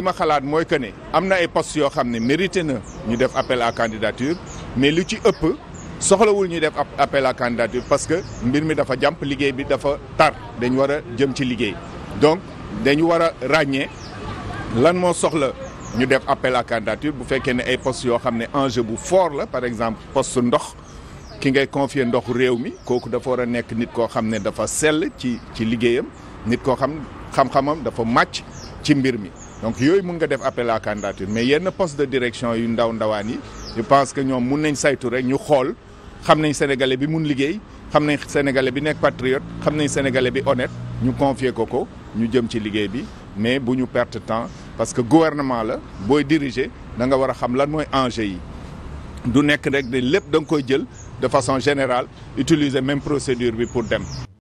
li ma xalaat mooy que ne am na ay postes yoo xam ne mérité na ñu def appel à candidature mais lu ci ëpp soxlawul ñu def appel à candidature parce que mbir mi dafa jàmp liggéey bi dafa tar dañ war a jëm ci liggéey donc dañu war a ràññee lan moo soxla ñu def appel à candidature bu fekkee ne ay postes yoo xam ne enjeu bu foor la par exemple poste ndox ki ngay confier ndoxu réew mi kooku dafa war a nekk nit koo xam ne dafa sell ci ci liggéeyam nit koo xam xam-xamam dafa màcc ci mbir mi donc yooyu mun nga def appel à candidature mais yenn poste de direction yu ndaw ndawaan yi je pense que ñoom mun nañ saytu rek ñu xool xam nañ sénégalais bi mun liggéey xam nañ sénégalais bi nekk patriote xam nañ sénégalais bi honnête ñu confier ko ko ñu jëm ci liggéey bi mais bu ñu perte temps parce que gouvernement la booy diriger da nga war a xam lan mooy enjeu yi du nekk rek de lépp danga koy jël de façon général utiliser même procédure bi pour dem